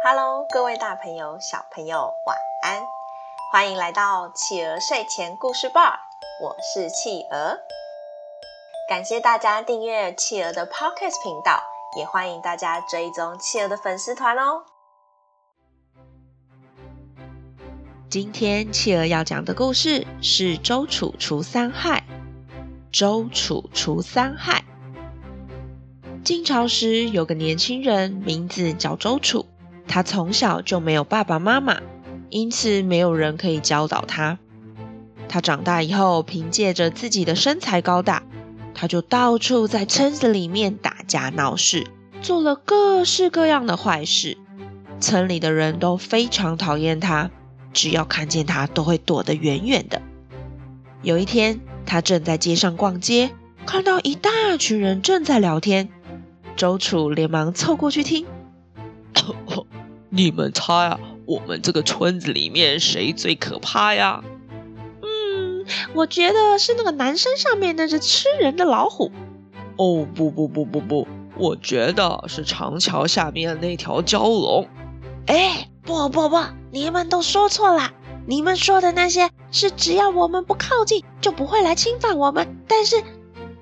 Hello，各位大朋友、小朋友，晚安！歡迎來到企鵝睡前故事吧，我是企鵝。感謝大家訂閱企鵝的 Podcast 頻道，也歡迎大家追蹤企鵝的粉絲團哦。今天企鵝要講的故事是周處除三害。周處除三害。晉朝時有個年輕人，名字叫周處。他從小就沒有爸爸媽媽，因此沒有人可以教導他。他長大以後，憑借着自己的身材高大，他就到處在村子裡面打架鬧事，做了各式各樣的壞事。村裡的人都非常討厭他，只要看見他都會躲得遠遠的。有一天，他正在街上逛街，看到一大群人正在聊天，周處連忙湊過去聽。 你們猜啊，我們這個村子裡面誰最可怕呀？嗯，我覺得是那個南山上面那隻吃人的老虎。哦，不不不不不，我覺得是長橋下面那條蛟龍。哎，不不不，你們都說錯了。你們說的那些是只要我們不靠近，就不會來侵犯我們。但是，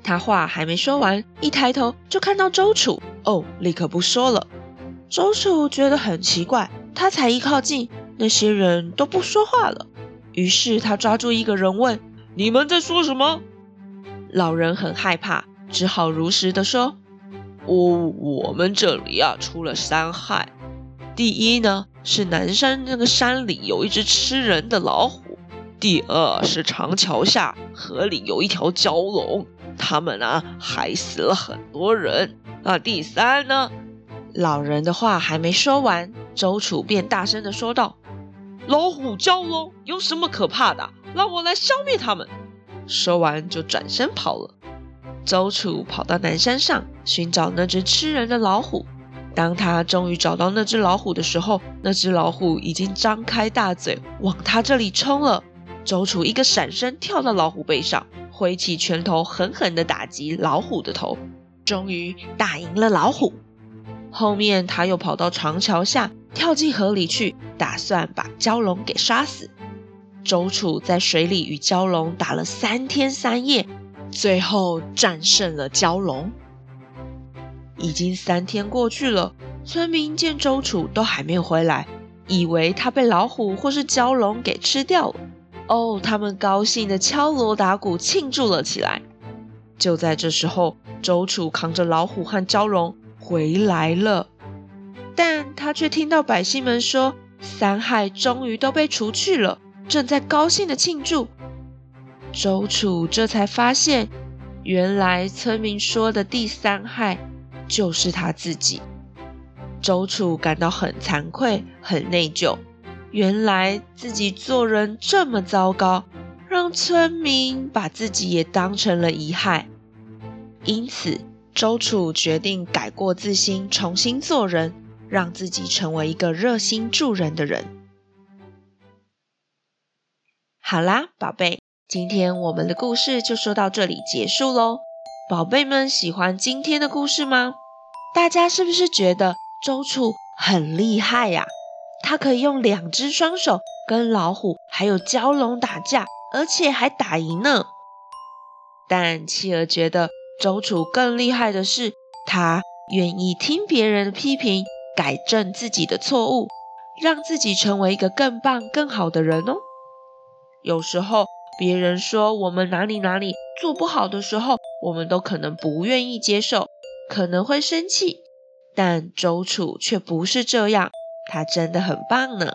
他話還沒說完，一抬頭就看到周處，哦，立刻不說了。周處覺得很奇怪，他才一靠近，那些人都不說話了。於是他抓住一個人問：“你們在說什麼？”老人很害怕，只好如實的說：“哦，我們這裡啊出了三害。第一呢，是南山那個山裡有一隻吃人的老虎；第二是長橋下河裡有一條蛟龍，他們啊害死了很多人。那第三呢？”老人的話還沒說完，周處便大聲地說道：“老虎叫咯，有什麼可怕的？讓我來消滅他們！”說完就轉身跑了。周處跑到南山上尋找那隻吃人的老虎。當他終於找到那隻老虎的時候，那隻老虎已經張開大嘴往他這裡衝了。周處一個閃身跳到老虎背上，揮起拳頭狠狠地打擊老虎的頭，終於打贏了老虎。後面他又跑到長橋下，跳進河裡去，打算把蛟龍給殺死。周處在水裡與蛟龍打了三天三夜，最後戰勝了蛟龍。已經三天過去了，村民見周處都還沒有回來，以為他被老虎或是蛟龍給吃掉了。哦，他們高興地敲鑼打鼓慶祝了起來。就在這時候，周處扛着老虎和蛟龍，回來了，但他卻聽到百姓們說：“三害終於都被除去了，正在高興地慶祝。”周處這才發現，原來村民說的第三害就是他自己。周處感到很慚愧、很內疚，原來自己做人這麼糟糕，讓村民把自己也當成了遺害，因此。周處決定改過自新，重新做人，讓自己成為一個熱心助人的人。好啦，寶貝，今天我們的故事就說到這裡結束嘍。寶貝們喜歡今天的故事嗎？大家是不是覺得周處很厲害呀、啊？他可以用兩隻雙手跟老虎還有蛟龍打架，而且還打贏呢。但企鵝覺得。周處更厲害的是，他願意聽別人的批評，改正自己的錯誤，讓自己成為一個更棒、更好的人哦。有時候，別人說我們哪裡哪裡做不好的時候，我們都可能不願意接受，可能會生氣。但周處卻不是這樣，他真的很棒呢。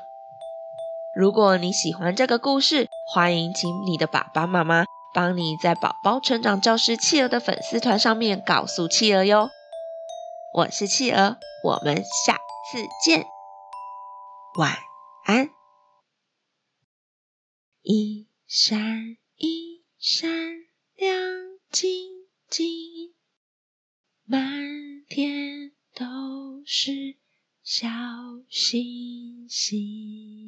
如果你喜歡這個故事，歡迎請你的爸爸媽媽。幫你在寶寶成長教室企鵝的粉絲團上面告訴企鵝喲，我是企鵝，我們下次見，晚安。一閃一閃亮晶晶，滿天都是小星星。